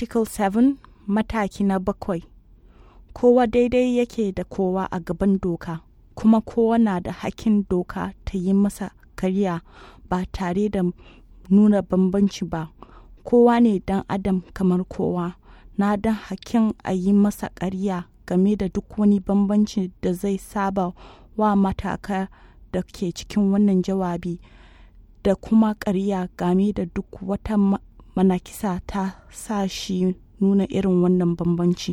Article 7 mataki na bakwai Kowa daidai yake da kowa a gaban doka, kuma kowa na da hakkin doka ta yi masa kariya ba tare da nuna bambanci ba. Kowa ne dan adam kamar kowa, na dan hakkin a yi masa kariya game da duk wani bambanci da zai saba wa mataka da ke cikin wannan jawabi da kuma kariya game da duk wata manakisa ta sa shi nuna irin wannan bambanci.